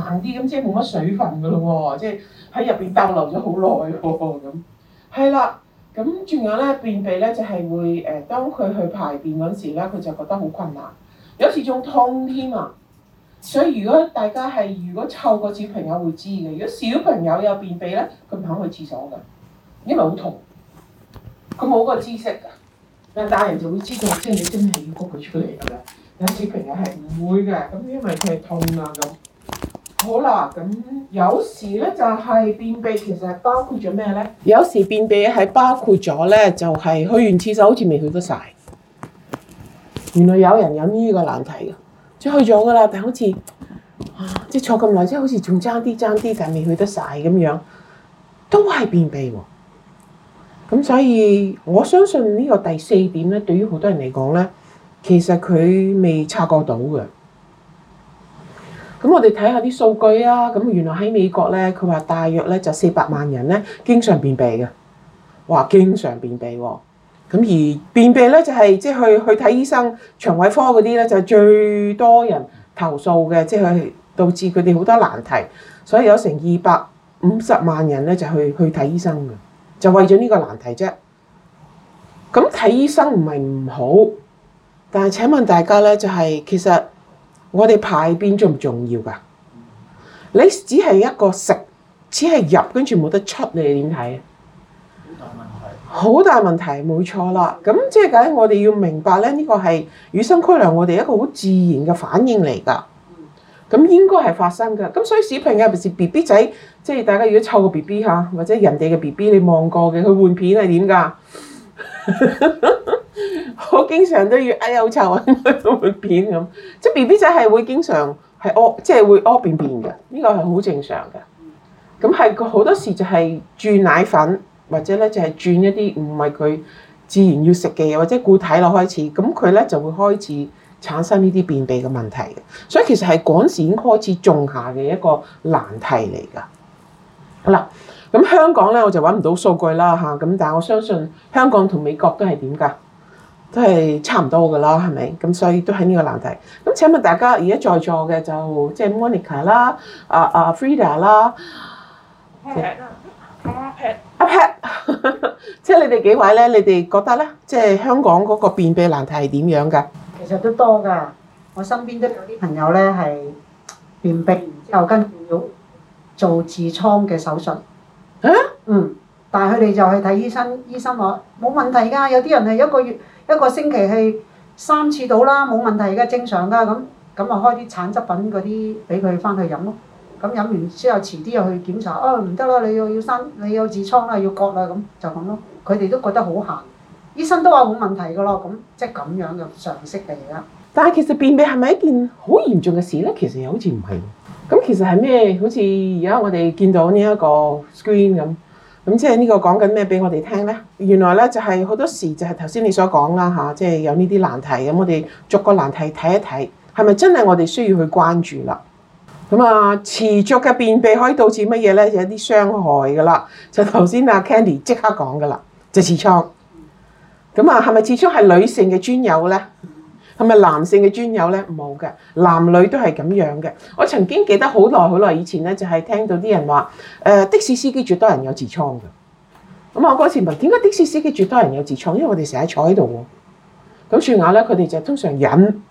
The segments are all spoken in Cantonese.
硬啲咁即係冇乜水分噶咯喎，即係喺入邊逗留咗好耐喎咁。係啦，咁仲有咧，便秘咧就係、是、會誒、呃，當佢去排便嗰時咧，佢就覺得好困難，有時仲痛添啊！所以如果大家係如果湊過小朋友會知嘅，如果小朋友有便秘咧，佢唔肯去廁所噶，因為好痛，佢冇個知識噶，但大人就會知道，即係你真係要幫佢出嚟噶啦。有小朋友係唔會嘅，咁因為佢係痛啊咁。好啦，咁有時咧就係便秘，其實係包括咗咩咧？有時便秘係包括咗咧，就係去完廁所好似未去得晒。原來有人有呢個難題嘅，即係去咗噶啦，但係好似啊，即係坐咁耐，即係好似仲爭啲爭啲，但係未去得晒咁樣，都係便秘喎。咁所以我相信呢個第四點咧，對於好多人嚟講咧，其實佢未察覺到嘅。咁我哋睇下啲數據啊，咁原來喺美國咧，佢話大約咧就四百萬人咧經常便秘嘅，哇，經常便秘喎。咁而便秘咧就係即係去去睇醫生腸胃科嗰啲咧就係最多人投訴嘅，即係導致佢哋好多難題，所以有成二百五十萬人咧就去去睇醫生嘅，就為咗呢個難題啫。咁睇醫生唔係唔好，但係請問大家咧就係其實。我哋排便仲唔重要噶？你只係一個食，只係入，跟住冇得出，你點睇啊？好大問題。冇錯啦。咁即係解，我哋要明白咧，呢、這個係與生俱來，我哋一個好自然嘅反應嚟噶。咁應該係發生嘅。咁所以小朋友平時 B B 仔，即係大家如果湊個 B B 嚇，或者人哋嘅 B B 你望過嘅，佢換片係點噶？ 我經常都要哎呦，哎呀好臭啊，咁會便咁，即係 B B 仔係會經常係屙，即係、就是、會屙便便嘅，呢個係好正常嘅。咁係佢好多時就係轉奶粉，或者咧就係轉一啲唔係佢自然要食嘅嘢，或者固體落開始，咁佢咧就會開始產生呢啲便秘嘅問題嘅。所以其實係嗰時已經開始種下嘅一個難題嚟噶。好啦咁香港咧我就揾唔到數據啦吓，咁但我相信香港同美國都係點噶？都係差唔多㗎啦，係咪？咁所以都喺呢個難題。咁請問大家而家在座嘅就即係 Monica 啦、啊啊 Frida 啦，Pat 啊，啊 Pat 啊 Pat，即係你哋幾位咧？你哋覺得咧？即係香港嗰個便秘難題係點樣㗎？其實都多㗎。我身邊都有啲朋友咧係便秘，然之後跟住要做痔瘡嘅手術。嚇？嗯。但係佢哋就去睇醫生，醫生話冇問題㗎。有啲人係一個月。一個星期去三次到啦，冇問題嘅，正常㗎。咁就啊，開啲產製品嗰啲俾佢翻去飲咯。咁飲完之後，遲啲又去檢查，啊唔得啦，你要要生，你有痔瘡啦，要割啦，就咁咯。佢哋都覺得好閒，醫生都話冇問題㗎啦。咁即係咁樣嘅常識嚟啦。但係其實便秘係咪一件好嚴重嘅事呢？其實又好似唔係。咁其實係咩？好似而家我哋見到呢一個 screen。咁即係呢個講緊咩俾我哋聽咧？原來咧就係好多時就係頭先你所講啦吓，即係有呢啲難題。咁我哋逐個難題睇一睇，係咪真係我哋需要去關注啦？咁啊，持續嘅便秘可以導致乜嘢咧？有啲傷害噶啦。就頭先阿 Candy 即刻講噶啦，就痔瘡。咁啊，係咪痔瘡係女性嘅專有咧？係咪男性嘅專有咧？冇嘅，男女都係咁樣嘅。我曾經記得好耐好耐以前咧，就係聽到啲人話，誒的士司機絕多人有痔瘡嘅。咁我嗰時問點解的士司機絕多人有痔瘡？因為我哋成日坐喺度喎。咁算眼咧，佢哋就通常忍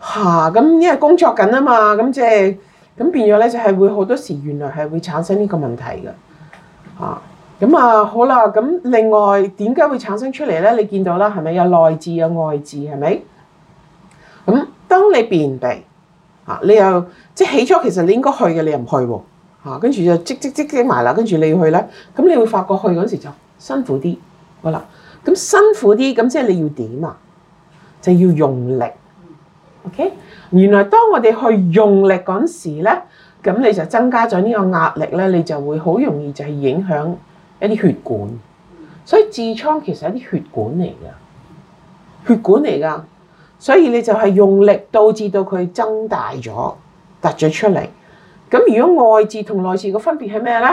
吓。咁、啊、因為工作緊啊嘛，咁即係咁變咗咧，就係會好多時原來係會產生呢個問題嘅。啊，咁啊好啦。咁另外點解會產生出嚟咧？你見到啦，係咪有內痔，有外痔係咪？是不是？咁，當你便秘，嚇你又即係起初其實你應該去嘅，你又唔去喎，跟住就積積積積埋啦，跟住你要去咧，咁你會發覺去嗰時就辛苦啲，好啦，咁辛苦啲，咁即係你要點啊？就要用力，OK？原來當我哋去用力嗰時咧，咁你就增加咗呢個壓力咧，你就會好容易就係影響一啲血管，所以痔瘡其實係一啲血管嚟噶，血管嚟噶。所以你就係用力導致到佢增大咗，突咗出嚟。咁如果外痔同內痔個分別係咩咧？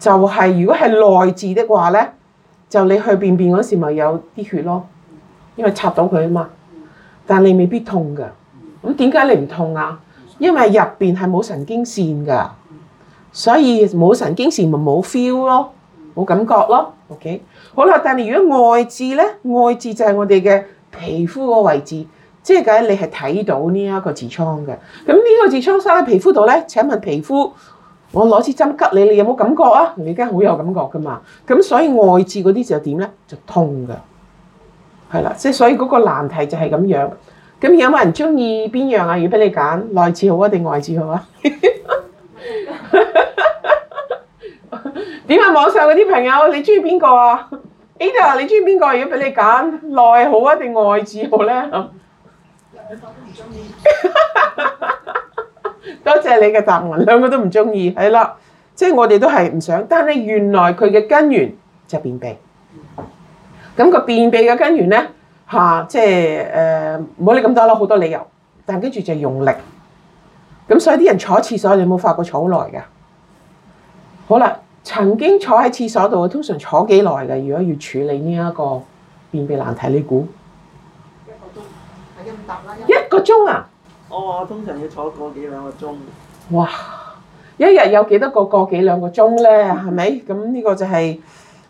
就係如果係內痔的話咧，就你去便便嗰時咪有啲血咯，因為插到佢啊嘛。但你未必痛㗎。咁點解你唔痛啊？因為入邊係冇神經線㗎，所以冇神經線咪冇 feel 咯，冇感覺咯。OK，好啦。但係如果外痔咧，外痔就係我哋嘅。皮膚個位置，即係嘅，你係睇到呢一個痔瘡嘅。咁呢個痔瘡生喺皮膚度咧？請問皮膚，我攞支針吉你，你有冇感覺啊？你而家好有感覺噶嘛？咁所以外痔嗰啲就點咧？就痛嘅，係啦。即係所以嗰個難題就係咁樣。咁有冇人中意邊樣啊？如果俾你揀，內痔好啊定外痔好啊？點 啊？網上嗰啲朋友，你中意邊個啊？Ada，你中意邊個？如果俾你揀，內好啊定外痔好咧？ 兩個都唔中意。多謝你嘅答案，兩、就、個、是、都唔中意，係啦。即係我哋都係唔想，但係原來佢嘅根源就係便秘。咁、那個便秘嘅根源咧，吓、啊？即係誒，唔好理咁多啦，好多理由，但跟住就用力。咁所以啲人坐廁所，你有冇發覺坐好耐㗎？好啦。曾經坐喺廁所度，通常坐幾耐㗎？如果要處理呢一個便秘難題，你估一個鐘？一個鐘啊！我通常要坐個幾兩個鐘。哇！一日有幾多個個幾兩個鐘呢？係咪？ 咁呢個就係、是、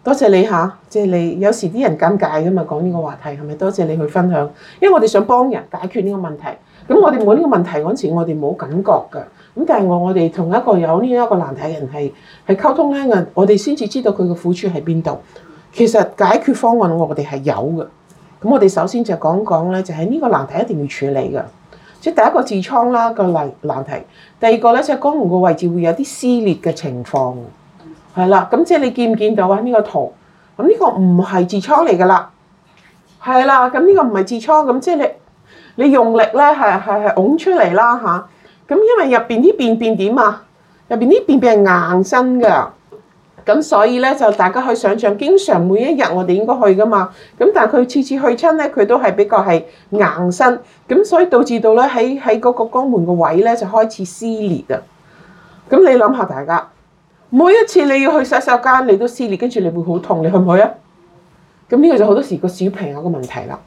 多謝你嚇，啊就是、你。有時啲人尷尬嘅嘛，講呢個話題係咪？是是多謝你去分享，因為我哋想幫人解決呢個問題。咁我哋冇呢個問題嗰時，我哋冇感覺嘅。咁但係我我哋同一個有呢一個難題嘅人係係溝通咧嘅，我哋先至知道佢嘅苦處喺邊度。其實解決方案我哋係有嘅。咁我哋首先就講講咧，就係呢個難題一定要處理嘅。即係第一個是痔瘡啦個難難題，第二個咧即係肛門個位置會有啲撕裂嘅情況。係啦，咁即係你見唔見到啊？呢個圖，咁呢個唔係痔瘡嚟噶啦，係啦，咁呢個唔係痔瘡，咁即係你你用力咧係係係拱出嚟啦嚇。咁因為入面啲便便點啊？入邊啲便便係硬身噶，咁所以咧就大家可以想象，經常每一日我哋應該去噶嘛。咁但係佢次次去親咧，佢都係比較係硬身，咁所以導致到咧喺喺嗰個肛門個位咧就開始撕裂嘅。咁你諗下大家，每一次你要去洗手間，你都撕裂，跟住你會好痛，你去唔去啊？咁呢個就好多時個小朋友嘅問題啦。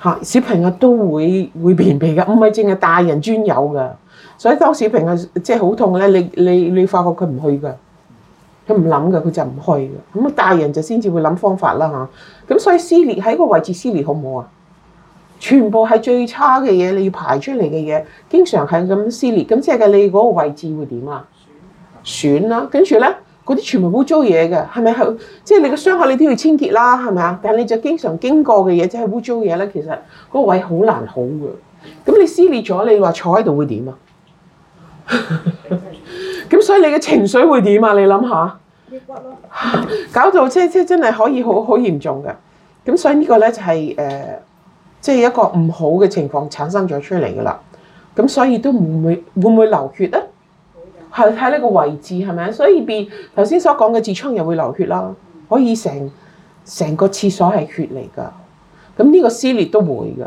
吓，小朋友都會會便秘嘅，唔係淨係大人專有嘅。所以當小平啊，即係好痛咧。你你你發覺佢唔去噶，佢唔諗噶，佢就唔去噶。咁啊，大人就先至會諗方法啦吓。咁所以撕裂喺個位置撕裂好唔好啊？全部係最差嘅嘢，你要排出嚟嘅嘢，經常係咁撕裂，咁即係嘅你嗰個位置會點啊？損啦，跟住咧嗰啲全部污糟嘢嘅，係咪好？即係你嘅傷口，你都要清潔啦，係咪啊？但係你就經常經過嘅嘢，即係污糟嘢咧，其實嗰個位好難好噶。咁你撕裂咗，你話坐喺度會點啊？咁 所以你嘅情緒會點啊？你諗下，咯，搞到車車真係可以好好嚴重嘅。咁所以呢個咧就係、是、誒，即、呃、係、就是、一個唔好嘅情況產生咗出嚟噶啦。咁所以都唔會會會唔會流血咧？係睇呢個位置係咪？所以變頭先所講嘅痔瘡又會流血啦，可以成成個廁所係血嚟噶。咁呢個撕裂都會㗎。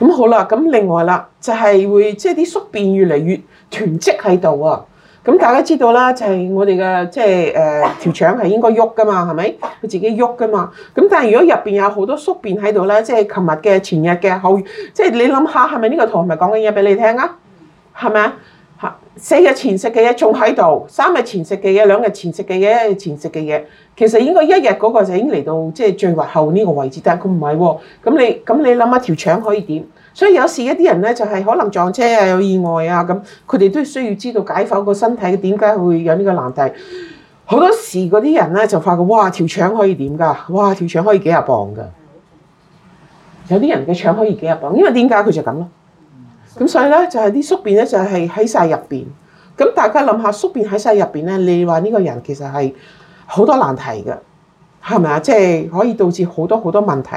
咁好啦，咁另外啦，就係會即係啲宿便越嚟越囤積喺度啊！咁大家知道啦，就係我哋嘅即係誒條腸係應該喐噶嘛，係咪？佢自己喐噶嘛。咁但係如果入邊有好多宿便喺度咧，即係琴日嘅、前日嘅、後日，即係你諗下，係咪呢個唾咪講緊嘢俾你聽啊？係咪？四日前食嘅嘢仲喺度，三日前食嘅嘢，兩日前食嘅嘢，一日前食嘅嘢，其實應該一日嗰個就已經嚟到即係最後呢個位置，但佢唔係喎。咁你咁你諗下條腸可以點？所以有時一啲人咧就係可能撞車啊、有意外啊咁，佢哋都需要知道解剖個身體點解會有呢個難題。好多時嗰啲人咧就發覺哇，條腸可以點㗎？哇，條腸可以幾廿磅㗎？有啲人嘅腸可以幾廿磅，因為點解佢就咁咯？咁所以咧就係啲宿便咧就係喺晒入邊。咁大家諗下宿便喺晒入邊咧，你話呢個人其實係好多難題嘅，係咪啊？即係可以導致好多好多問題。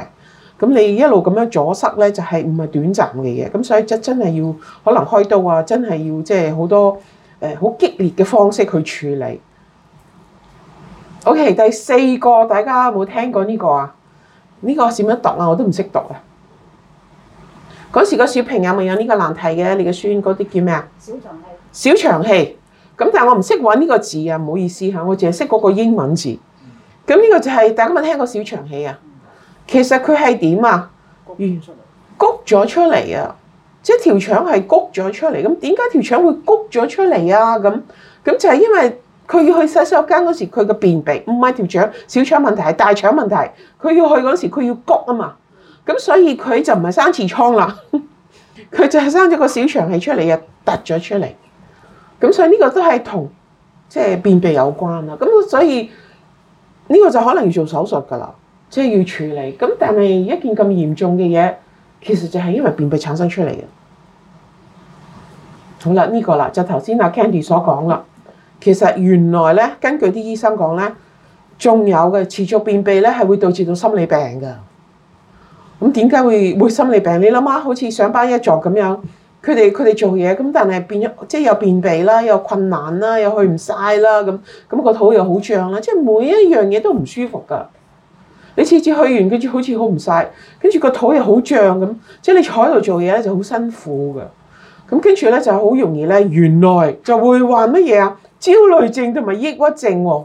咁你一路咁樣阻塞咧，就係唔係短暫嘅嘢。咁所以真真係要可能開刀啊，真係要即係好多誒好激烈嘅方式去處理。OK，第四個大家有冇聽過呢個啊？呢個點樣讀啊？我都唔識讀啊！嗰時個小朋友啊，咪有呢個難題嘅？你嘅孫嗰啲叫咩啊？小腸氣。小腸氣，咁但係我唔識揾呢個字啊，唔好意思嚇，我淨係識嗰個英文字。咁呢、嗯、個就係、是、大家有冇聽過小腸氣啊？嗯、其實佢係點啊？谷咗出嚟啊！即係條腸係谷咗出嚟，咁點解條腸會谷咗出嚟啊？咁咁就係因為佢要去洗手間嗰時，佢嘅便秘唔係條腸小腸問題，係大腸問題。佢要去嗰時，佢要谷啊嘛。咁所以佢就唔係生痔瘡啦，佢就係生咗個小腸氣出嚟嘅，突咗出嚟。咁所以呢個都係同即係便秘有關啊。咁所以呢個就可能要做手術噶啦，即係要處理。咁但係一件咁嚴重嘅嘢，其實就係因為便秘產生出嚟嘅。好啦，呢個啦就頭先阿 Candy 所講啦，其實原來咧根據啲醫生講咧，仲有嘅持續便秘咧係會導致到心理病嘅。咁點解會會心理病？你諗下好似上班一族咁樣，佢哋佢哋做嘢咁，但係變咗即係有便秘啦，又困難啦，又去唔晒啦，咁咁個肚又好脹啦，即係每一樣嘢都唔舒服噶。你次次去完，佢好似好唔晒，跟住個肚又好脹咁，即係你坐喺度做嘢咧就好辛苦噶。咁跟住咧就好容易咧，原來就會患乜嘢啊？焦慮症同埋抑鬱症喎。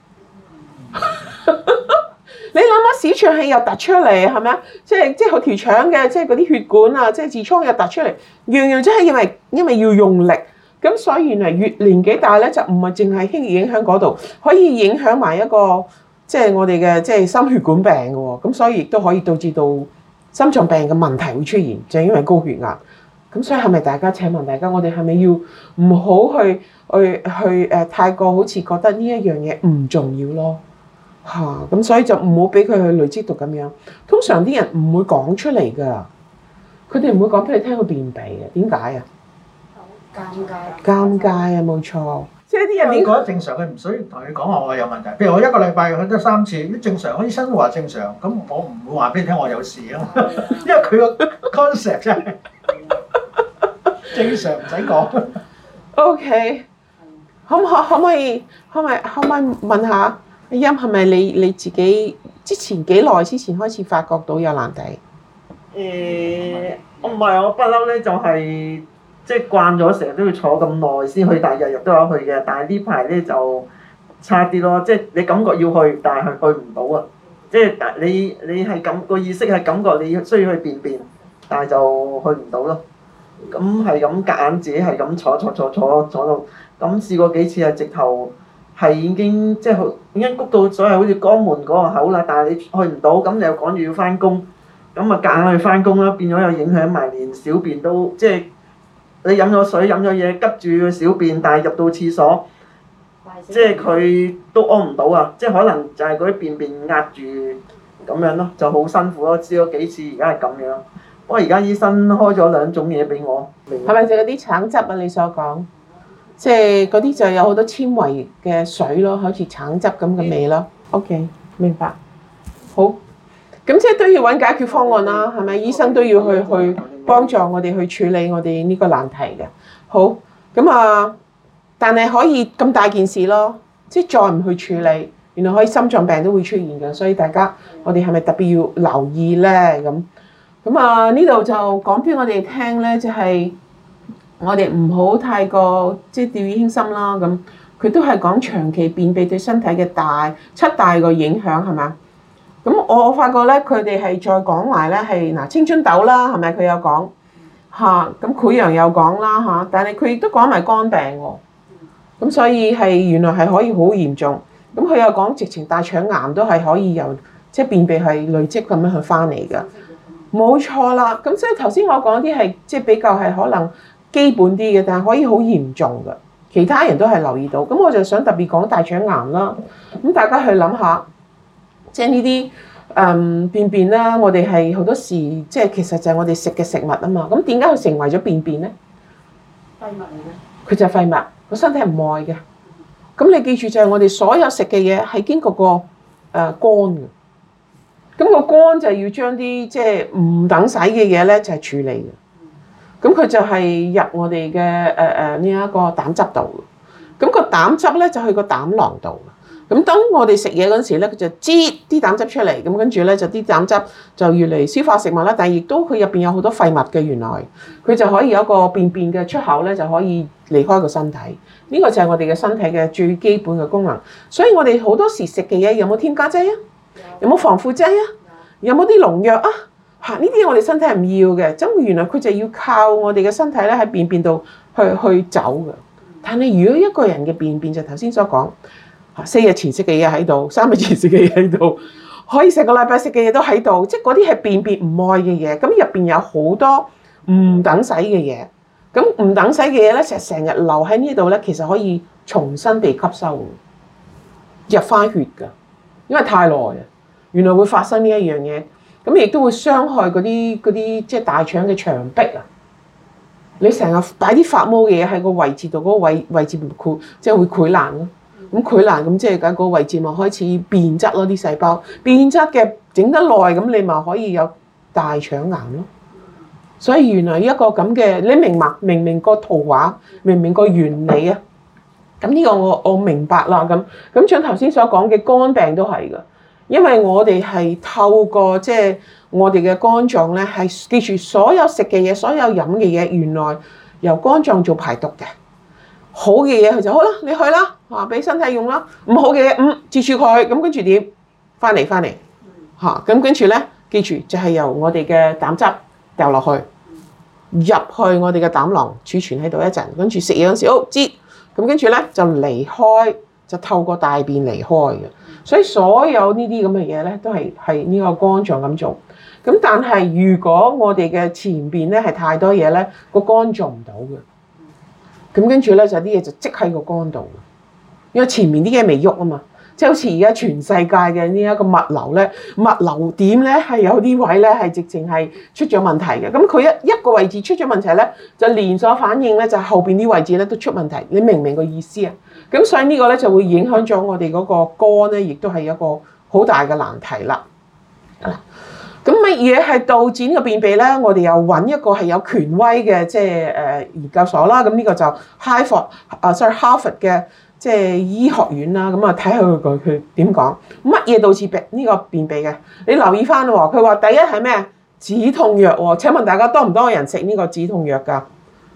你諗下，市場係又突出嚟，係咪啊？即係即係有條腸嘅，即係嗰啲血管啊，即係痔瘡又突出嚟，樣樣真係因為因為要用力，咁所以原來越年紀大咧就唔係淨係輕易影響嗰度，可以影響埋一個即係我哋嘅即係心血管病嘅喎，咁所以亦都可以導致到心臟病嘅問題會出現，就係因為高血壓。咁所以係咪大家請問大家，我哋係咪要唔好去去去、呃、太過好似覺得呢一樣嘢唔重要咯？嚇！咁所以就唔好俾佢去累積到咁樣。通常啲人唔會講出嚟噶，佢哋唔會講俾你聽佢便秘嘅。點解啊？尷尬。尷尬啊！冇錯。即係啲人，覺得正常，佢唔需要同你講話我有問題。譬如我一個禮拜去咗三次，咁正常，啲醫生都話正常。咁我唔會話俾你聽我有事啊嘛。因為佢個 concept 真係正常，唔使講。OK，可唔可可唔可以可唔可以可唔可以問下？音係咪你你自己之前幾耐之前開始發覺到有難題？誒，我唔係，我不嬲咧、就是，就係即係慣咗成日都要坐咁耐先去，但係日日都有去嘅。但係呢排咧就差啲咯，即、就、係、是、你感覺要去，但係去唔到啊！即、就、係、是、你你係感個意識係感覺你需要去便便，但係就去唔到咯。咁係咁夾硬自己係咁坐坐坐坐坐到，咁試過幾次啊，直頭。係已經即係已經谷到，所以好似肛門嗰個口啦。但係你去唔到，咁你又趕住要翻工，咁啊夾硬去翻工啦，變咗又影響埋連小便都即係你飲咗水飲咗嘢，急住去小便，但係入到廁所，即係佢都屙唔到啊！即係可能就係嗰啲便便壓住咁樣咯，就好辛苦咯。知咗幾次，而家係咁樣。我而家醫生開咗兩種嘢俾我，係咪就係啲橙汁啊？你所講？即係嗰啲就有好多纖維嘅水咯，好似橙汁咁嘅味咯。OK，明白。好，咁即係都要揾解決方案啦，係咪？醫生都要去去幫助我哋去處理我哋呢個難題嘅。好，咁啊，但係可以咁大件事咯，即係再唔去處理，原來可以心臟病都會出現嘅。所以大家，我哋係咪特別要留意咧？咁，咁啊呢度就講俾我哋聽咧，就係。我哋唔好太過即係掉以輕心啦，咁佢都係講長期便秘對身體嘅大七大個影響係嘛？咁我發覺咧，佢哋係再講埋咧係嗱青春痘啦，係咪佢有講吓，咁、嗯啊、潰瘍又講啦吓。但係佢亦都講埋肝病喎。咁所以係原來係可以好嚴重。咁佢又講直情大腸癌都係可以由即係便秘係累積咁樣去翻嚟㗎。冇、嗯、錯啦。咁所以頭先我講啲係即係比較係可能。基本啲嘅，但係可以好嚴重噶。其他人都係留意到，咁我就想特別講大腸癌啦。咁大家去諗下，即係呢啲誒便便啦，我哋係好多時即係其實就係我哋食嘅食物啊嘛。咁點解佢成為咗便便咧？廢物嚟嘅，佢就係廢物，個身體唔愛嘅。咁你記住就係我哋所有食嘅嘢係經過個誒肝嘅。咁個肝就係要將啲即係唔等使嘅嘢咧，就係處理嘅。咁佢就係入我哋嘅誒誒呢一個膽汁度，咁個膽汁咧就去個膽囊度。咁當我哋食嘢嗰陣時咧，佢就擠啲膽汁出嚟。咁跟住咧就啲膽汁就越嚟消化食物啦。但亦都佢入面有好多廢物嘅，原來佢就可以有一個便便嘅出口咧，就可以離開個身體。呢個就係我哋嘅身體嘅最基本嘅功能。所以我哋好多時食嘅嘢有冇添加劑啊？有冇防腐劑啊？有冇啲農藥啊？嚇！呢啲我哋身體係唔要嘅，咁原來佢就要靠我哋嘅身體咧喺便便度去去走嘅。但係如果一個人嘅便便就頭先所講，四日前食嘅嘢喺度，三日前食嘅嘢喺度，可以成個禮拜食嘅嘢都喺度，即係嗰啲係便便唔愛嘅嘢。咁入面有好多唔等使嘅嘢，咁唔等使嘅嘢咧，成成日留喺呢度咧，其實可以重新被吸收入翻血㗎。因為太耐啊，原來會發生呢一樣嘢。咁亦都會傷害嗰啲嗰啲即係大腸嘅牆壁啊！你成日擺啲發毛嘢喺個位置度，嗰、嗰個位位置即係會潰爛咯。咁潰爛咁即係喺個位置咪開始變質咯？啲細胞變質嘅整得耐，咁你咪可以有大腸癌咯。所以原來一個咁嘅你明嘛？明唔明個圖畫，明唔明個原理啊！咁呢個我我明白啦。咁咁像頭先所講嘅肝病都係噶。因為我哋係透過即係、就是、我哋嘅肝臟咧，係記住所有食嘅嘢、所有飲嘅嘢，原來由肝臟做排毒嘅。好嘅嘢佢就好啦，你去啦，話俾身體用啦。唔好嘅嘢，嗯接住佢，咁跟住點翻嚟翻嚟嚇？咁跟住咧，記住就係、是、由我哋嘅膽汁掉落去，入去我哋嘅膽囊儲存喺度一陣，跟住食嘢嗰陣時，哦知。咁跟住咧就離開，就透過大便離開嘅。所以所有呢啲咁嘅嘢咧，都係係呢個肝臟咁做。咁但係如果我哋嘅前邊咧係太多嘢咧，個肝做唔到嘅。咁跟住咧就啲嘢就積喺個肝度。因為前面啲嘢未喐啊嘛，即係好似而家全世界嘅呢一個物流咧，物流點咧係有啲位咧係直情係出咗問題嘅。咁佢一一個位置出咗問題咧，就連鎖反應咧就後邊啲位置咧都出問題。你明唔明個意思啊？咁所以呢個咧就會影響咗我哋嗰個肝咧，亦都係一個好大嘅難題啦。咁乜嘢係導致呢個便秘咧？我哋又揾一個係有權威嘅，即係誒研究所啦。咁、這、呢個就哈佛啊，sorry，哈佛嘅即係醫學院啦。咁啊，睇下佢佢點講乜嘢導致呢個便秘嘅？你留意翻喎，佢話第一係咩止痛藥喎？請問大家多唔多人食呢個止痛藥㗎？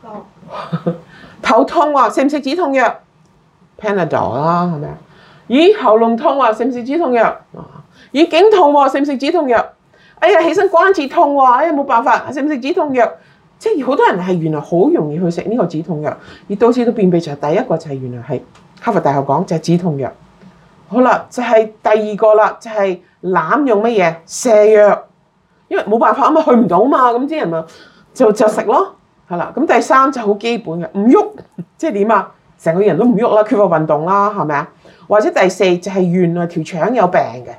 頭、哦、 頭痛喎，食唔食止痛藥？Panadol 啦，係咪啊？咦，喉嚨痛喎，啊，食唔食止痛藥？咦，啊，頸痛喎，啊，食唔食止痛藥？哎呀，起身關節痛喎，啊，哎呀，冇辦法，食唔食止痛藥？即係好多人係原來好容易去食呢個止痛藥，而到時都便秘就係第一個就係原來係哈佛大學講就係、是、止痛藥。好啦，就係、是、第二個啦，就係、是、濫用乜嘢瀉藥，因為冇辦法啊嘛，去唔到嘛，咁啲人咪就就食咯。係啦，咁第三就好基本嘅，唔喐即係點啊？成個人都唔喐啦，缺乏運動啦，係咪啊？或者第四就係原來，條腸有病嘅。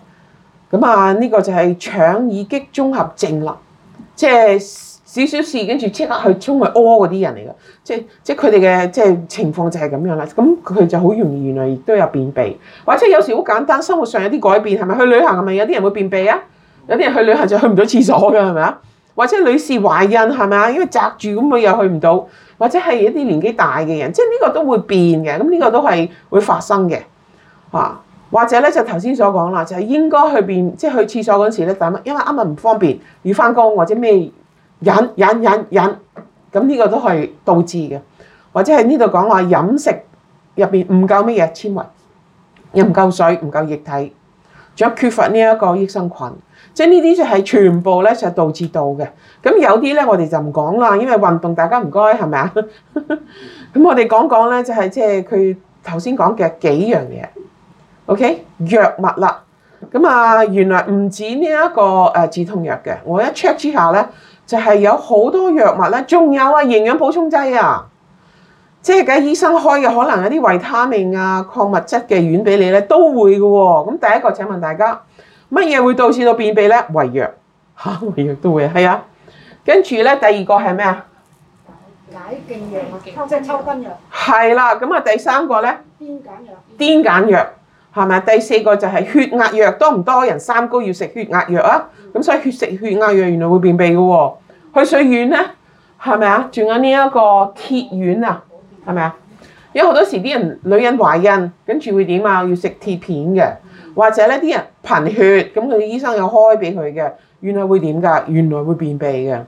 咁啊，呢個就係腸易激綜合症啦。即係少少事，跟住即刻去衝去屙嗰啲人嚟嘅。即係即係佢哋嘅即係情況就係咁樣啦。咁佢就好容易原來亦都有便秘，或者有時好簡單，生活上有啲改變係咪？去旅行係咪有啲人會便秘啊？有啲人去旅行就去唔到廁所嘅係咪啊？是。或者女士懷孕係咪啊？因為窒住咁佢又去唔到，或者係一啲年紀大嘅人，即係呢個都會變嘅。咁、這、呢個都係會發生嘅啊！或者咧就頭先所講啦，就係應該去便，即係去廁所嗰時咧，等，因為啱啱唔方便，要翻工或者咩忍忍忍忍，咁呢個都係導致嘅。或者係呢度講話飲食入邊唔夠乜嘢纖維，又唔夠水，唔夠液體。仲有缺乏呢一個益生菌，即係呢啲就係全部咧，就導致到嘅。咁有啲咧，我哋就唔講啦，因為運動大家唔該係咪啊？咁 我哋講講咧，就係即係佢頭先講嘅幾樣嘢。OK，藥物啦，咁啊，原來唔止呢一個誒止痛藥嘅。我一 check 之下咧，就係、是、有好多藥物咧，仲有啊營養補充劑啊。即係嘅，醫生開嘅可能有啲維他命啊、礦物質嘅丸俾你咧，都會嘅喎、哦。咁第一個請問大家，乜嘢會導致到便秘咧？胃藥嚇，胃 藥都會係啊。跟住咧，第二個係咩啊？解勁藥啊，即係抽筋藥。係啦，咁啊，第三個咧？癲癇藥。癲癇藥係咪啊？第四個就係血壓藥，多唔多人三高要食血壓藥啊？咁、嗯、所以血食血壓藥原來會便秘嘅喎、哦。去水丸咧係咪啊？仲有呢一個鐵丸啊？係咪啊？因為好多時啲人女人懷孕，跟住會點啊？要食鐵片嘅，或者咧啲人貧血，咁佢醫生又開俾佢嘅，原來會點噶？原來會便秘嘅，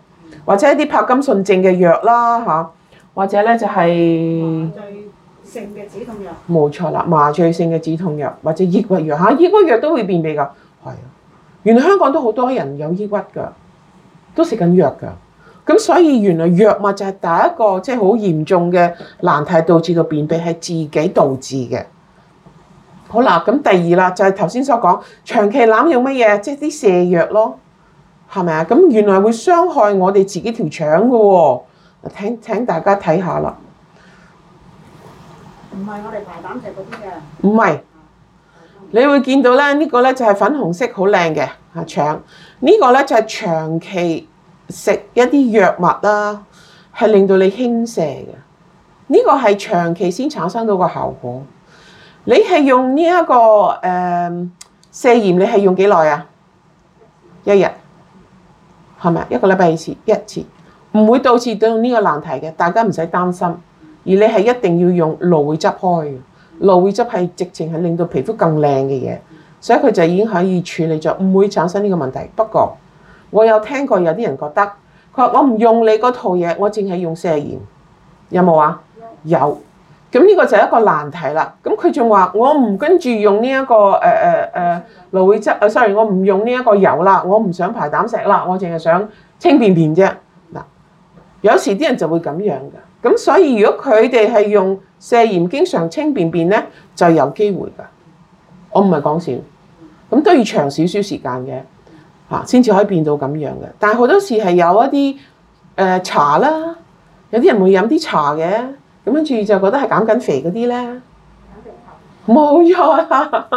或者啲柏金遜症嘅藥啦嚇，或者咧就係麻醉性嘅止痛藥，冇錯啦，麻醉性嘅止痛藥或者抑鬱藥嚇，抑鬱藥都會便秘噶，係啊，原來香港都好多人有抑鬱噶，都食緊藥噶。咁所以原來藥物就係第一個，即係好嚴重嘅難題，導致到便秘係自己導致嘅。好啦，咁第二啦，就係頭先所講，長期攬用乜嘢，即係啲瀉藥咯，係咪啊？咁原來會傷害我哋自己條腸嘅喎。請大家睇下啦。唔係我哋排膽石嗰啲嘅。唔係，你會見到咧，呢個咧就係粉紅色很漂亮的，好靚嘅啊腸。呢個咧就係長期。食一啲藥物啦，係令到你輕瀉嘅。呢個係長期先產生到個效果。你係用呢、這個呃、一,一個誒瀉鹽，你係用幾耐啊？一日係咪一個禮拜一次一次，唔會導致到呢個難題嘅。大家唔使擔心。而你係一定要用蘆薈汁開嘅，蘆薈汁係直情係令到皮膚更靚嘅嘢，所以佢就已經可以處理咗，唔會產生呢個問題。不過，我有聽過有啲人覺得佢話我唔用你嗰套嘢，我淨係用瀉鹽，有冇啊？有，咁呢個就係一個難題啦。咁佢仲話我唔跟住用呢一個誒誒誒蘆薈汁，誒，sorry，我唔用呢一個油啦，我唔想排膽石啦，我淨係想清便便啫。嗱，有時啲人就會咁樣嘅。咁所以如果佢哋係用瀉鹽經常清便便咧，就有機會噶。我唔係講笑，咁都要長少少時間嘅。先至、啊、可以變到咁樣嘅。但係好多時係有一啲、呃、茶啦，有啲人會飲啲茶嘅，咁跟住就覺得係減緊肥嗰啲咧。減肥茶。冇錯、啊，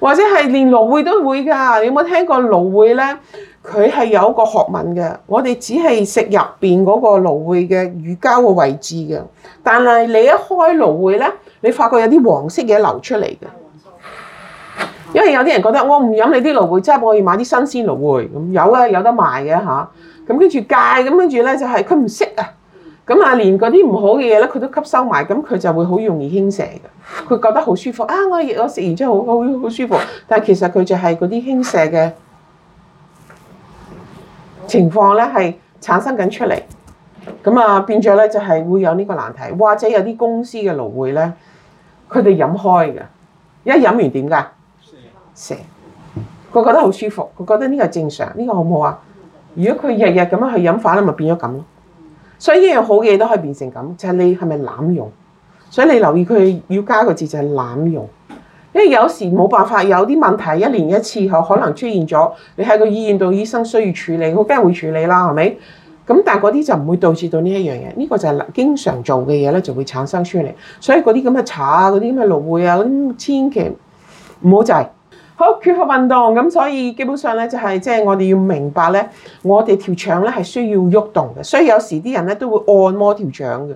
或者係連蘆薈都會㗎。你有冇聽過蘆薈咧？佢係有一個學問嘅。我哋只係食入面嗰個蘆薈嘅乳膠嘅位置嘅。但係你一開蘆薈咧，你發覺有啲黃色嘢流出嚟嘅。因為有啲人覺得我唔飲你啲蘆、蘆薈，即係我要買啲新鮮蘆薈咁，有啊，有得賣嘅吓，咁跟住戒咁跟住咧，就係佢唔識啊。咁啊，連嗰啲唔好嘅嘢咧，佢都吸收埋，咁佢就會好容易傾瀉嘅。佢覺得好舒服啊！我食我食完之後好、好、好舒服，但係其實佢就係嗰啲傾瀉嘅情況咧，係產生緊出嚟。咁啊，變咗咧就係會有呢個難題，或者有啲公司嘅蘆薈咧，佢哋飲開嘅，一飲完點㗎？蛇，佢覺得好舒服，佢覺得呢個係正常，呢、這個好唔好啊？如果佢日日咁樣去飲飯咧，咪變咗咁咯。所以一樣好嘅嘢都可以變成咁，就係、是、你係咪濫用？所以你留意佢要加個字就係濫用，因為有時冇辦法，有啲問題一年一次，可可能出現咗，你喺個醫院度醫生需要處理，佢梗係會處理啦，係咪？咁但係嗰啲就唔會導致到呢一樣嘢。呢、這個就係經常做嘅嘢咧，就會產生出嚟。所以嗰啲咁嘅茶啊，嗰啲咁嘅蘆薈啊，咁千祈唔好就係。好缺乏運動，咁所以基本上咧就係即係我哋要明白咧，我哋條腸咧係需要喐動嘅，所以有時啲人咧都會按摩條腸嘅，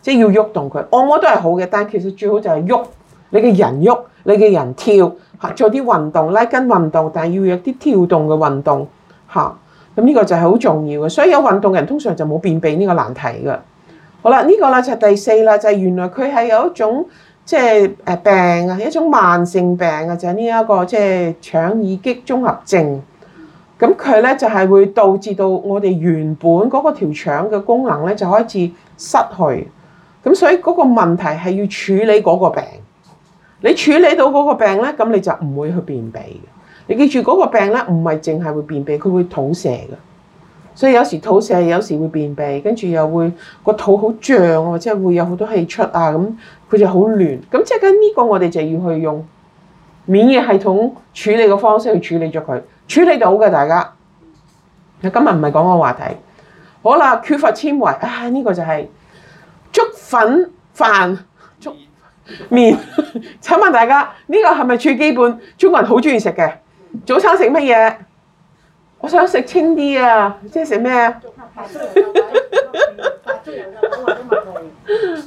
即係要喐動佢。按摩都係好嘅，但係其實最好就係喐你嘅人喐，你嘅人，人跳嚇做啲運動，拉筋運動，但係要有啲跳動嘅運動嚇。咁呢個就係好重要嘅，所以有運動嘅人通常就冇便秘呢個難題嘅。好啦，呢個咧就係第四啦，就係、係、原來佢係有一種。即係誒病啊，一種慢性病啊，就係呢一個即係腸易激綜合症。咁佢咧就係會導致到我哋原本嗰個條腸嘅功能咧就開始失去。咁所以嗰個問題係要處理嗰個病。你處理到嗰個病咧，咁你就唔會去便秘嘅。你記住嗰個病咧，唔係淨係會便秘，佢會肚瀉嘅。所以有時肚瀉，有時會便秘，跟住又會個肚好脹，即係會有好多氣出啊咁，佢就好亂。咁即係跟呢個，我哋就要去用免疫系統處理嘅方式去處理咗佢，處理到嘅大家。今日唔係講個話題，好啦，缺乏纖維啊，呢個就係粥粉飯、粥麵。請問大家，呢個係咪最基本？中國人好中意食嘅早餐食乜嘢？我想食清啲啊，即係食咩啊？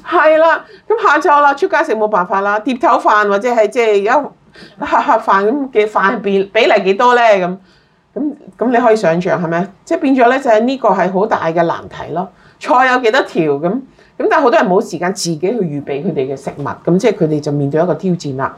係 啦， 咁下晝啦，出街食冇辦法啦，碟頭飯或者係即係有盒盒飯咁嘅飯比比例幾多咧？咁咁咁你可以想象係咪？即係變咗咧，就係呢個係好大嘅難題咯。菜有幾多條咁咁？但係好多人冇時間自己去預備佢哋嘅食物，咁即係佢哋就面對一個挑戰啦。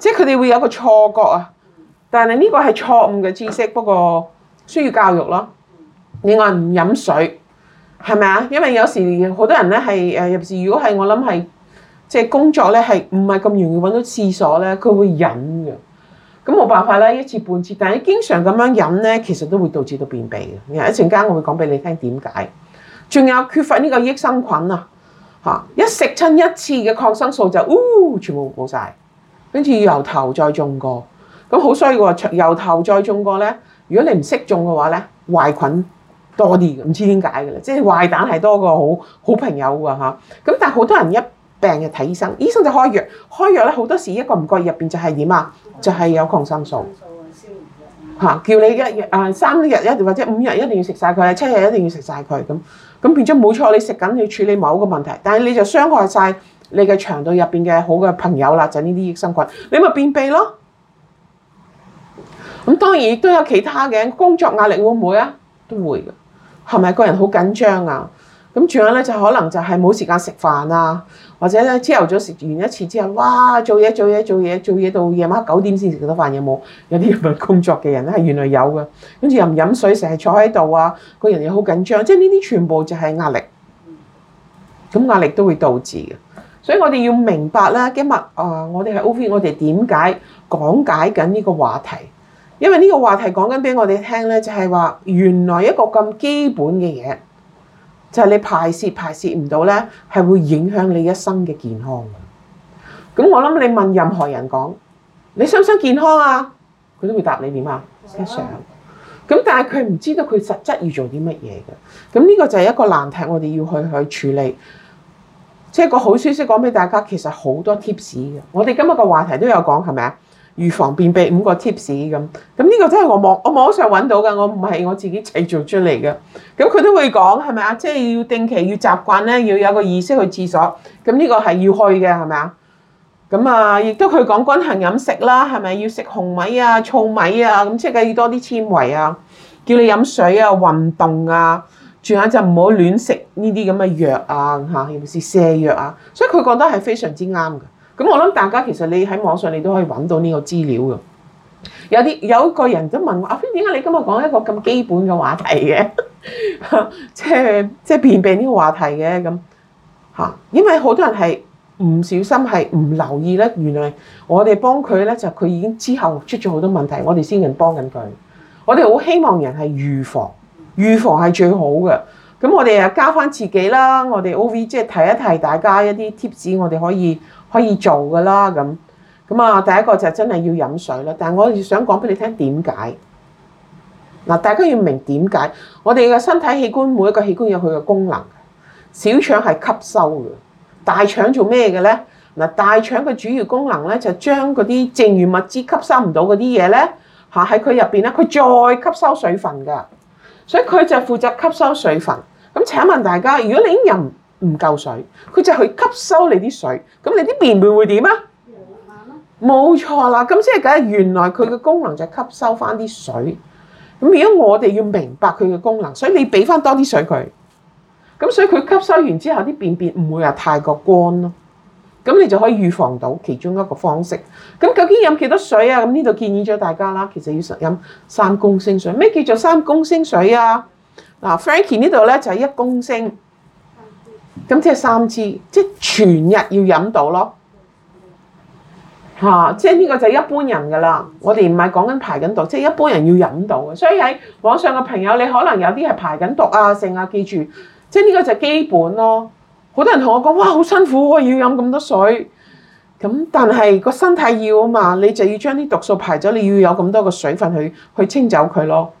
即係佢哋會有個錯覺啊，但係呢個係錯誤嘅知識，不過需要教育咯。另外唔飲水係咪啊？因為有時好多人咧係尤其是如果係我諗係即係工作咧係唔係咁容易搵到廁所咧，佢會忍嘅。咁冇辦法啦，一次半次，但係經常咁樣忍咧，其實都會導致到便秘嘅。一陣間我會講俾你聽點解。仲有缺乏呢個益生菌啊，吓，一食親一次嘅抗生素就，哦、呃，全部冇晒。跟住由頭再種過，咁好衰喎！由頭再種過咧，如果你唔識種嘅話咧，壞菌多啲唔知點解嘅咧，即係壞蛋係多過好好朋友噶嚇。咁但係好多人一病就睇醫生，醫生就開藥，開藥咧好多時一個唔覺意入邊就係點啊，就係有抗生素嚇，素叫你一日啊三日一日或者五日一定要食晒佢，七日一定要食晒佢咁，咁變咗冇錯你食緊去處理某一個問題，但係你就傷害晒。你嘅腸道入邊嘅好嘅朋友啦，就係呢啲益生菌，你咪便秘咯。咁當然亦都有其他嘅工作壓力會唔會啊？都會嘅，係咪個人好緊張啊？咁仲有咧就可能就係冇時間食飯啊，或者咧朝頭早食完一次之後，哇做嘢做嘢做嘢做嘢到夜晚九點先食到飯，有冇？有啲因為工作嘅人咧，係原來有嘅，跟住又唔飲水，成日坐喺度啊，個人又好緊張，即係呢啲全部就係壓力，咁壓力都會導致嘅。所以我哋要明白啦，今日啊，我哋係 O V，我哋點解講解緊呢個話題？因為呢個話題講緊俾我哋聽咧，就係話原來一個咁基本嘅嘢，就係、是、你排泄排泄唔到咧，係會影響你一生嘅健康嘅。咁我諗你問任何人講，你想唔想健康啊？佢都會答你點啊？想的。咁但係佢唔知道佢實質要做啲乜嘢嘅。咁呢個就係一個難題，我哋要去去處理。即係個好消息講俾大家，其實好多 tips 嘅。我哋今日個話題都有講，係咪啊？預防便秘五個 tips 咁。咁呢個真係我網我網上揾到嘅，我唔係我，我自己製造出嚟嘅。咁佢都會講係咪啊？即係、就是、要定期要習慣咧，要有個意識去廁所。咁呢個係要去嘅，係咪啊？咁啊，亦都佢講均衡飲食啦，係咪要食紅米啊、糙米啊？咁即係要多啲纖維啊，叫你飲水啊、運動啊。仲有就唔好亂食呢啲咁嘅藥啊，尤其是瀉藥啊，所以佢覺得係非常之啱嘅。咁我諗大家其實你喺網上你都可以揾到呢個資料嘅。有啲有個人咁問阿飛：點解你今日講一個咁基本嘅話題嘅？ 即係即係便便呢個話題嘅，咁因為好多人係唔小心係唔留意咧。原來我哋幫佢呢，就佢已經之後出咗好多問題，我哋先至幫緊佢。我哋好希望人係預防。預防係最好嘅，咁我哋又加翻自己啦。我哋 O V 即係提一提大家一啲貼士，我哋可以可以做㗎啦。咁咁啊，第一個就真係要飲水啦。但係我越想講俾你聽點解嗱，大家要明點解我哋嘅身體器官，每一個器官有佢嘅功能。小腸係吸收嘅，大腸做咩嘅咧？嗱，大腸嘅主要功能咧就將嗰啲剩餘物質吸收唔到嗰啲嘢咧，嚇喺佢入邊咧，佢再吸收水分㗎。所以佢就負責吸收水分。咁請問大家，如果你啲人唔夠水，佢就去吸收你啲水。咁你啲便便會點啊？冇錯啦。咁即係梗係原來佢嘅功能就係吸收翻啲水。咁如果我哋要明白佢嘅功能，所以你俾翻多啲水佢。咁所以佢吸收完之後，啲便便唔會話太過乾咯。咁你就可以預防到其中一個方式。咁究竟飲幾多水啊？咁呢度建議咗大家啦，其實要食飲三公升水。咩叫做三公升水啊？嗱、啊，Frankie 呢度咧就係一公升，咁即係三支，即係全日要飲到咯。吓、啊，即係呢個就係一般人噶啦。我哋唔係講緊排緊毒，即係一般人要飲到嘅。所以喺網上嘅朋友，你可能有啲係排緊毒啊剩啊，記住，即係呢個就係基本咯。好多人同我講哇，好辛苦，要飲咁多水。咁但係個身體要啊嘛，你就要將啲毒素排走，你要有咁多嘅水分去去清走佢咯。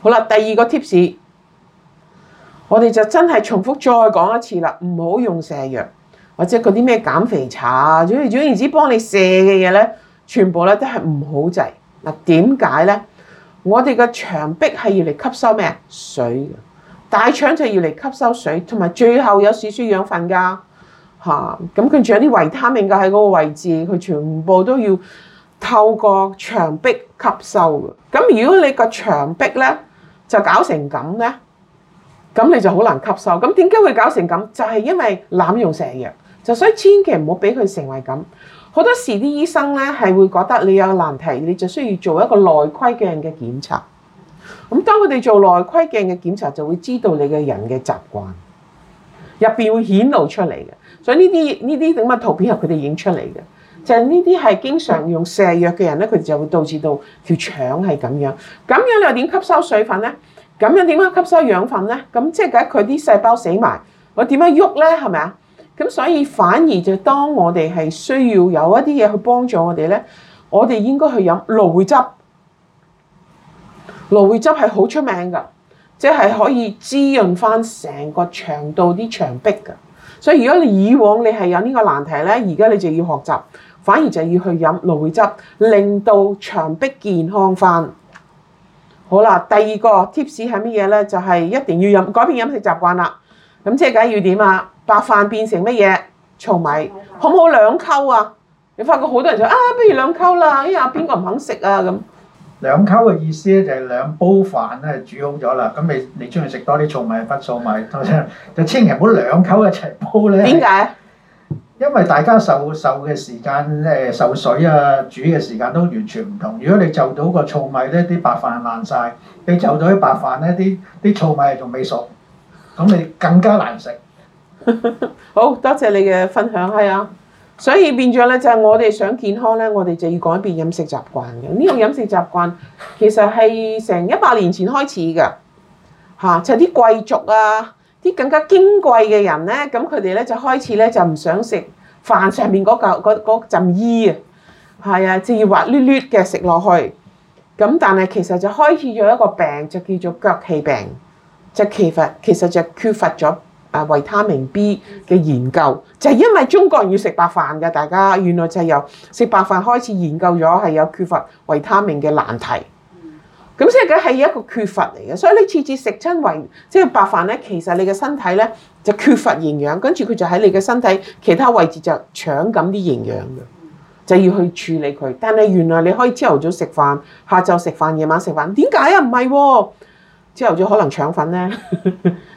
好啦，第二個 tips，我哋就真係重複再講一次啦，唔好用瀉藥或者嗰啲咩減肥茶，總總而言之，幫你瀉嘅嘢咧，全部咧都係唔好滯。嗱，點解咧？我哋嘅牆壁係要嚟吸收咩啊？水。大腸就要嚟吸收水，同埋最後有少少養分噶嚇，咁佢仲有啲維他命噶喺嗰個位置，佢全部都要透過牆壁吸收嘅。咁如果你個牆壁咧就搞成咁咧，咁你就好難吸收。咁點解會搞成咁？就係、是、因為濫用成藥，就所以千祈唔好俾佢成為咁。好多時啲醫生咧係會覺得你有難題，你就需要做一個內窺鏡嘅檢查。咁當佢哋做內窺鏡嘅檢查，就會知道你嘅人嘅習慣，入邊會顯露出嚟嘅。所以呢啲呢啲點乜圖片係佢哋影出嚟嘅，就係呢啲係經常用瀉藥嘅人咧，佢哋就會導致到條腸係咁樣。咁樣又點吸收水分咧？咁樣點樣吸收養分咧？咁即係解佢啲細胞死埋，我點樣喐咧？係咪啊？咁所以反而就當我哋係需要有一啲嘢去幫助我哋咧，我哋應該去飲蘆薈汁。蘆薈汁係好出名噶，即係可以滋潤翻成個腸道啲腸壁噶。所以如果你以往你係有呢個難題咧，而家你就要學習，反而就要去飲蘆薈汁，令到腸壁健康翻。好啦，第二個 tips 係乜嘢咧？就係、是，一定要飲改變飲食習慣啦。咁即係梗要點啊？白飯變成乜嘢？糙米，嗯、好唔好兩溝啊？你發覺好多人就啊，不如兩溝啦。哎呀，邊個唔肯食啊咁？兩溝嘅意思咧，就係兩煲飯咧煮好咗啦。咁你你中意食多啲糙米啊，不糙米就千祈唔好兩溝一齊煲咧。點解？因為大家受受嘅時間誒受水啊，煮嘅時間都完全唔同。如果你就到個糙米咧，啲白飯爛晒；你就到啲白飯咧，啲啲糙米仲未熟，咁你更加難食。 好多謝你嘅分享，係啊！所以變咗咧就係我哋想健康咧，我哋就要改變飲食習慣嘅。呢、這個飲食習慣其實係成一百年前開始㗎，嚇就啲、係、貴族啊，啲更加矜貴嘅人咧，咁佢哋咧就開始咧就唔想食飯上面嗰嚿嗰嗰陣衣啊，係啊，就要滑捋捋嘅食落去。咁但係其實就開始咗一個病，就叫做腳氣病，就缺乏其實就缺乏咗。啊維他命 B 嘅研究就係、是、因為中國人要食白飯嘅，大家原來就係由食白飯開始研究咗係有缺乏維他命嘅難題。咁所以佢係一個缺乏嚟嘅，所以你次次食親為即係白飯咧，其實你嘅身體咧就缺乏營養，跟住佢就喺你嘅身體其他位置就搶緊啲營養嘅，就要去處理佢。但係原來你可以朝頭早食飯、下晝食飯、夜晚食飯，點解啊？唔係喎。之後朝頭早就可能腸粉咧，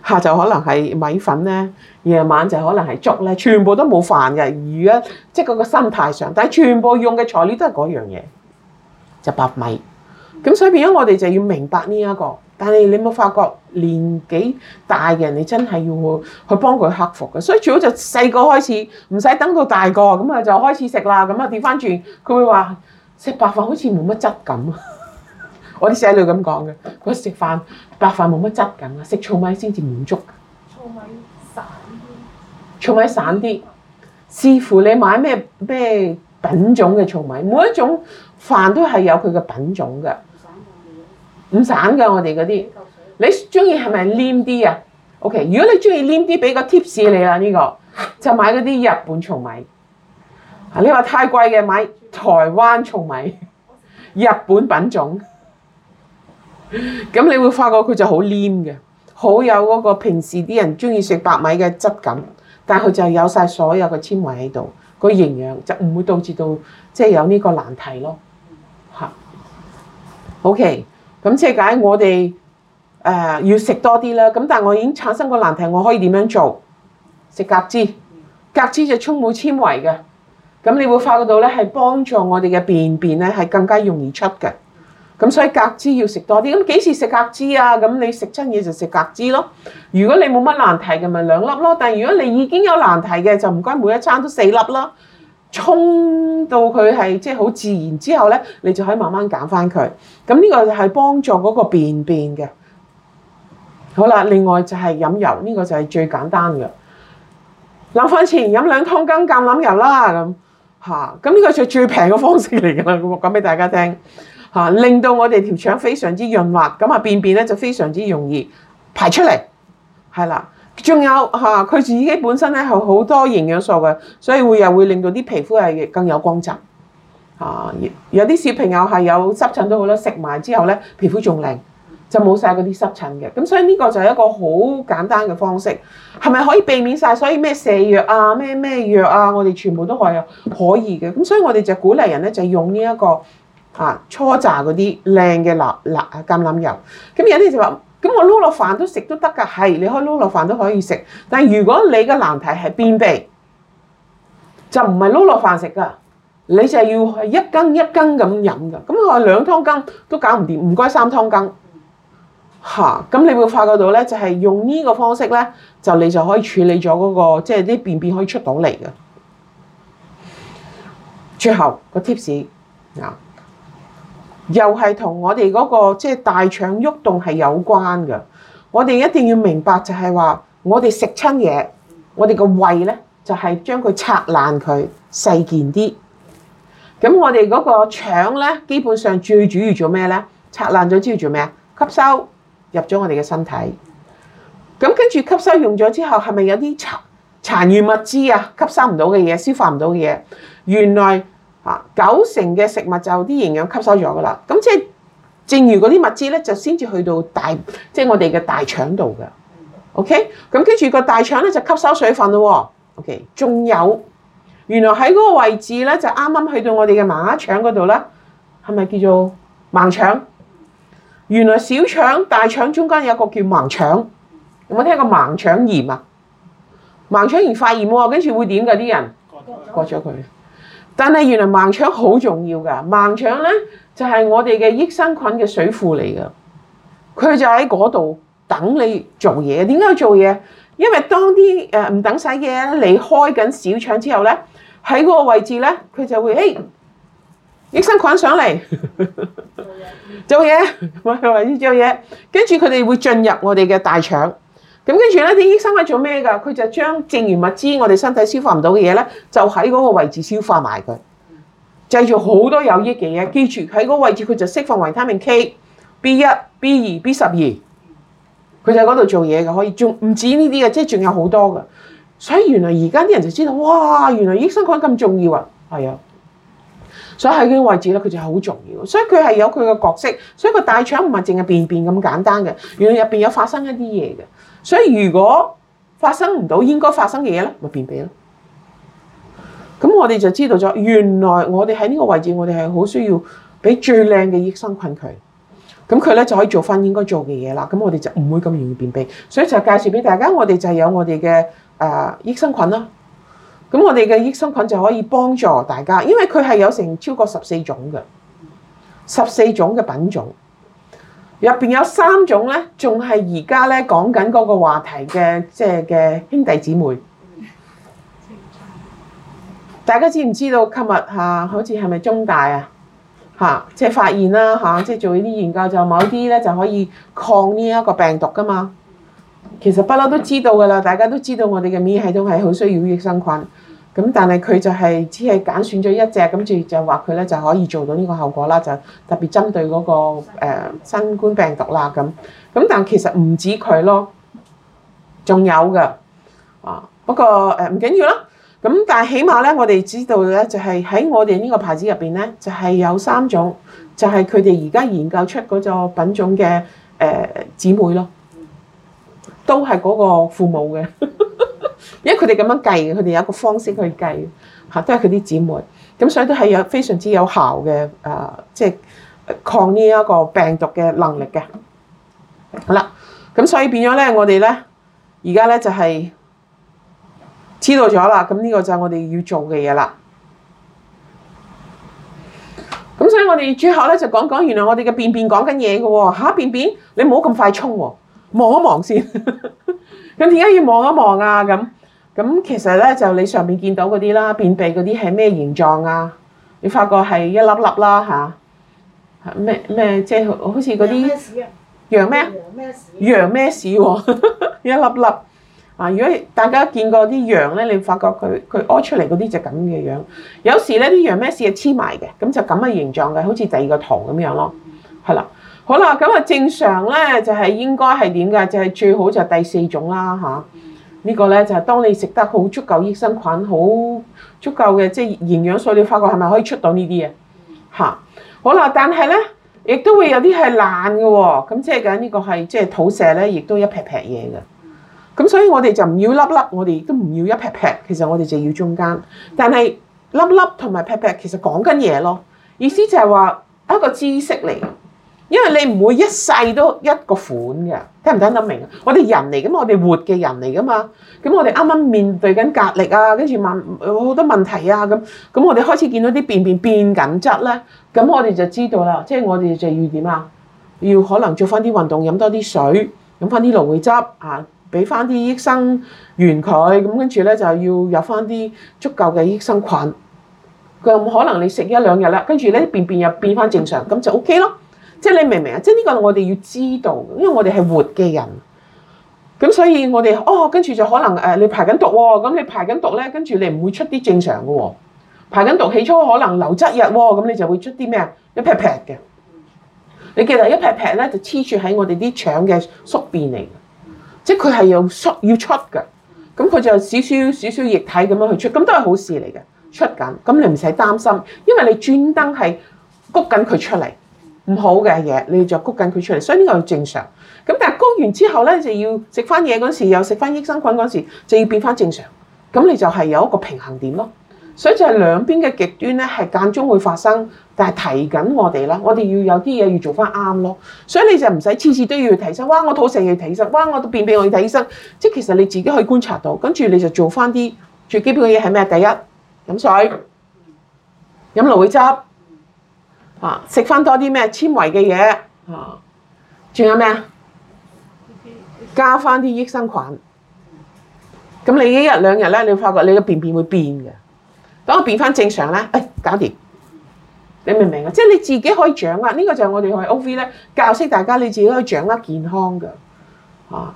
下晝就可能係米粉咧；夜晚就可能係粥咧，全部都冇飯嘅。而家即係嗰個心態上，但係全部用嘅材料都係嗰樣嘢，就是、白米。咁所以變咗我哋就要明白呢、這、一個。但係你有冇發覺年紀大嘅人，你真係要去幫幫佢克服嘅。所以最好就細個開始，唔使等到大個咁啊就開始食啦。咁啊調翻轉，佢會話食白飯好似冇乜質感。我啲細佬咁講嘅，佢食飯白飯冇乜質感啊，食糙米先至滿足。糙米散啲。糙米散啲，視乎你買咩咩品種嘅糙米，每一種飯都係有佢嘅品種嘅。散㗎，唔散㗎，我哋嗰啲。你中意係咪黏啲啊？OK，如果你中意黏啲，俾個 tips 你啦。呢、呢個就買嗰啲日本糙米。你話太貴嘅買台灣糙米，日本品種。咁你會發覺佢就好黏嘅，好有嗰個平時啲人中意食白米嘅質感，但係佢就有晒所有嘅纖維喺度，個營養就唔會導致到即係、就是、有呢個難題咯，吓、okay。OK，咁即係解我哋誒要食多啲啦。咁但係我已經產生個難題，我可以點樣做？食隔汁，隔汁就充滿纖維嘅。咁你會發覺到咧，係幫助我哋嘅便便咧係更加容易出嘅。咁所以格枝要食多啲，咁幾時食格枝啊？咁你食親嘢就食格枝咯。如果你冇乜難題嘅，咪兩粒咯。但係如果你已經有難題嘅，就唔該每一餐都四粒啦，衝到佢係即係好自然之後咧，你就可以慢慢減翻佢。咁呢個就係幫助嗰個便便嘅。好啦，另外就係飲油，呢個就係最簡單嘅。臨瞓前飲兩湯羹橄欖油啦，咁、啊、嚇。咁呢個就係最平嘅方式嚟噶啦，咁我講俾大家聽。嚇，令到我哋條腸非常之潤滑，咁啊便便咧就非常之容易排出嚟，係啦。仲有嚇佢自己本身咧係好多營養素嘅，所以會又會令到啲皮膚係更有光澤。嚇，有啲小朋友係有濕疹都好多，食埋之後咧皮膚仲靚，就冇晒嗰啲濕疹嘅。咁所以呢個就係一個好簡單嘅方式，係咪可以避免晒？所以咩瀉藥啊、咩咩藥啊，我哋全部都係可以嘅。咁所以我哋就鼓勵人咧就用呢一個。啊，初榨嗰啲靚嘅橄橄啊橄欖油，咁有啲就話，咁我撈落飯都食都得㗎，係你可以撈落飯都可以食。但係如果你嘅難題係便祕，就唔係撈落飯食㗎，你就係要一羹一羹咁飲㗎。咁我話兩湯羹都搞唔掂，唔該三湯羹。嚇、啊，咁你會發覺到咧，就係用呢個方式咧，就你就可以處理咗嗰、嗰個，即係啲便便可以出到嚟嘅。最後個 tips 啊～又係同我哋嗰個即係大腸喐動係有關嘅。我哋一定要明白就係話，我哋食親嘢，就是、我哋個胃咧就係將佢拆爛佢細件啲。咁我哋嗰個腸咧，基本上最主要做咩咧？拆爛咗之後做咩啊？吸收入咗我哋嘅身體。咁跟住吸收用咗之後，係咪有啲殘餘物資啊？吸收唔到嘅嘢，消化唔到嘅嘢，原來。九成嘅食物就啲營養吸收咗噶啦，咁即係正如嗰啲物質咧，就先至去到大，即係我哋嘅大腸度噶。OK，咁跟住個大腸咧就吸收水分咯。OK，仲有原來喺嗰個位置咧就啱啱去到我哋嘅盲腸嗰度啦，係咪叫做盲腸？原來小腸、大腸中間有個叫盲腸，有冇聽過盲腸炎啊？盲腸炎發炎喎，跟住會點噶啲人？割咗佢。但係原來盲腸好重要㗎。盲腸呢，就係我哋嘅益生菌嘅水庫嚟㗎。佢就喺嗰度等你做嘢。點解做嘢？因為當啲唔等使嘅人離開緊小腸之後呢，喺嗰個位置呢，佢就會咦，益生菌上嚟做嘢事，做嘢，為咗做嘢，跟住佢哋會進入我哋嘅大腸。咁跟住咧，啲益生菌係做咩噶？佢就將剩餘物資，我哋身體消化唔到嘅嘢咧，就喺嗰個位置消化埋佢，製造好多有益嘅嘢。記住喺嗰個位置，佢就釋放維他命 K、B 一、B 二、B 十二，佢就喺嗰度做嘢嘅。可以仲唔止呢啲嘅，即係仲有好多㗎。所以原來而家啲人就知道，哇！原來益生菌咁重要啊，係啊。所以喺呢個位置咧，佢就係好重要，所以佢係有佢嘅角色，所以個大腸唔係淨係便便咁簡單嘅，原來入邊有發生一啲嘢嘅。所以如果發生唔到應該發生嘅嘢咧，咪便秘咯。咁我哋就知道咗，原來我哋喺呢個位置，我哋係好需要俾最靚嘅益生菌佢。咁佢咧就可以做翻應該做嘅嘢啦。咁我哋就唔會咁容易便秘。所以就介紹俾大家，我哋就係有我哋嘅誒益生菌啦。咁我哋嘅益生菌就可以幫助大家，因為佢係有成超過十四種嘅，十四種嘅品種，入邊有三種咧，仲係而家咧講緊嗰個話題嘅，即係嘅兄弟姊妹。大家知唔知道？今日嚇，好似係咪中大啊？嚇、啊，即係發現啦嚇、啊，即係做呢啲研究就某啲咧就可以抗呢一個病毒噶嘛。其實不嬲都知道噶啦，大家都知道我哋嘅免疫系統係好需要益生菌。咁但係佢就係只係揀選咗一隻，跟住就話佢咧就可以做到呢個效果啦，就特別針對嗰個誒新冠病毒啦咁。咁但其實唔止佢咯，仲有噶。啊，不過誒唔緊要啦。咁但係起碼咧，我哋知道咧，就係喺我哋呢個牌子入邊咧，就係有三種，就係佢哋而家研究出嗰個品種嘅誒姊妹咯。都係嗰個父母嘅，因為佢哋咁樣計佢哋有一個方式去計嚇，都係佢啲姊妹，咁所以都係有非常之有效嘅誒，即係抗呢一個病毒嘅能力嘅。好啦，咁所以變咗咧，我哋咧而家咧就係知道咗啦，咁、這、呢個就係我哋要做嘅嘢啦。咁所以我哋最後咧就講講，原來我哋嘅便便講緊嘢嘅喎嚇，便便，你唔好咁快衝喎、啊。望一望先，咁點解要望一望啊？咁咁其實咧就你上面見到嗰啲啦，便秘嗰啲係咩形狀啊？你發覺係一粒粒啦吓？咩咩即係好似嗰啲羊咩羊咩屎喎，羊羊 一粒粒啊！如果大家見過啲羊咧，你發覺佢佢屙出嚟嗰啲就咁嘅樣，有時咧啲羊咩屎係黐埋嘅，咁就咁嘅形狀嘅，好似第二個圖咁樣咯，係啦。好啦，咁啊正常咧就係應該係點㗎？就係最好就第四種啦吓。呢個咧就係當你食得好足夠益生菌，好足夠嘅即係營養素，你發覺係咪可以出到呢啲嘢吓？好啦，但係咧亦都會有啲係爛嘅喎。咁即係講呢個係即係肚瀉咧，亦都一劈劈嘢嘅。咁所以我哋就唔要粒粒，我哋都唔要一劈劈，其實我哋就要中間。但係粒粒同埋劈劈，其實講緊嘢咯，意思就係話一個知識嚟。因為你唔會一世都一個款嘅，聽唔聽得明啊？我哋人嚟噶嘛，咁我哋活嘅人嚟噶嘛？咁我哋啱啱面對緊壓力啊，跟住問好多問題啊，咁咁我哋開始見到啲便便變緊質咧，咁我哋就知道啦，即係我哋就要點啊？要可能做翻啲運動，飲多啲水，飲翻啲蘆薈汁啊，俾翻啲益生元佢，咁跟住咧就要入翻啲足夠嘅益生菌。佢有冇可能你食一兩日啦，跟住咧便便又變翻正常，咁就 OK 咯。即係你明唔明啊？即係呢個我哋要知道，因為我哋係活嘅人，咁所以我哋哦跟住就可能誒、呃、你，你排緊毒喎，咁你排緊毒咧，跟住你唔會出啲正常嘅喎，排緊毒起初可能流質日喎，咁你就會出啲咩啊，一撇撇嘅，你記得一撇撇咧就黐住喺我哋啲腸嘅宿便嚟嘅，即係佢係用宿要出嘅，咁佢就少少少少液體咁樣去出，咁都係好事嚟嘅，出緊咁你唔使擔心，因為你專登係谷緊佢出嚟。唔好嘅嘢，你就谷緊佢出嚟，所以呢個係正常。咁但係谷完之後咧，就要食翻嘢嗰時，又食翻益生菌嗰時，就要變翻正常。咁你就係有一個平衡點咯。所以就係兩邊嘅極端咧，係間中會發生，但係提緊我哋啦，我哋要有啲嘢要做翻啱咯。所以你就唔使次次都要去睇醫生。哇！我肚成日要睇醫生。哇！我都便秘我要睇醫生。即係其實你自己可以觀察到，跟住你就做翻啲最基本嘅嘢係咩？第一，飲水，飲蘆薈汁。啊！食翻多啲咩纖維嘅嘢，啊，仲有咩啊？加翻啲益生菌，咁你一日兩日咧，你會發覺你嘅便便會變嘅，等我變翻正常咧，誒、哎、搞掂，你明唔明啊？即係你自己可以掌握，呢、呢個就係我哋去 O V 咧教識大家，你自己可以掌握健康嘅，啊。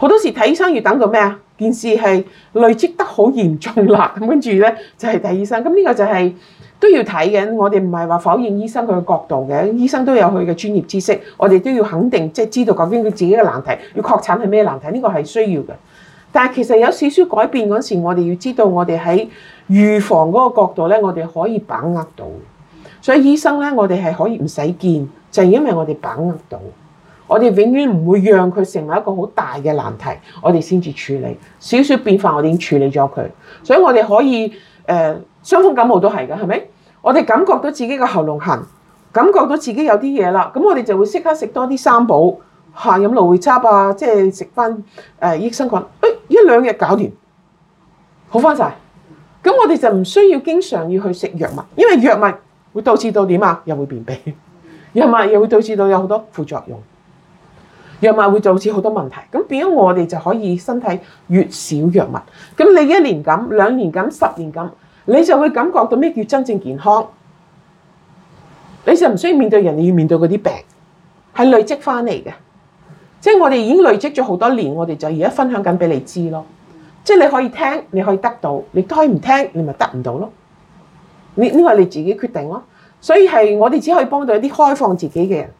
好多時睇醫生要等到咩啊？件事係累積得好嚴重啦，咁跟住咧就係、是、睇醫生。咁呢個就係、是、都要睇緊。我哋唔係話否認醫生佢嘅角度嘅，醫生都有佢嘅專業知識。我哋都要肯定，即、就、係、是、知道究竟佢自己嘅難題，要確診係咩難題？呢、這個係需要嘅。但係其實有少少改變嗰時，我哋要知道我哋喺預防嗰個角度咧，我哋可以把握到。所以醫生咧，我哋係可以唔使見，就係、是、因為我哋把握到。我哋永遠唔會讓佢成為一個好大嘅難題，我哋先至處理少少變化。小小我哋已經處理咗佢。所以我哋可以誒，傷、呃、風感冒都係㗎，係咪？我哋感覺到自己嘅喉嚨痕，感覺到自己有啲嘢啦，咁我哋就會即刻食多啲三寶，下飲蘆薈汁啊，即係食翻誒益生菌，哎、一兩日搞掂，好翻晒。咁我哋就唔需要經常要去食藥物，因為藥物會導致到點啊？又會便秘，藥物又會導致到有好多副作用。藥物會導致好多問題，咁變咗我哋就可以身體越少藥物。咁你一年咁、兩年咁、十年咁，你就會感覺到咩叫真正健康。你就唔需要面對人哋要面對嗰啲病，係累積翻嚟嘅。即係我哋已經累積咗好多年，我哋就而家分享緊俾你知咯。即係你可以聽，你可以得到，你都可以唔聽，你咪得唔到咯。你呢個你自己決定咯。所以係我哋只可以幫到一啲開放自己嘅人。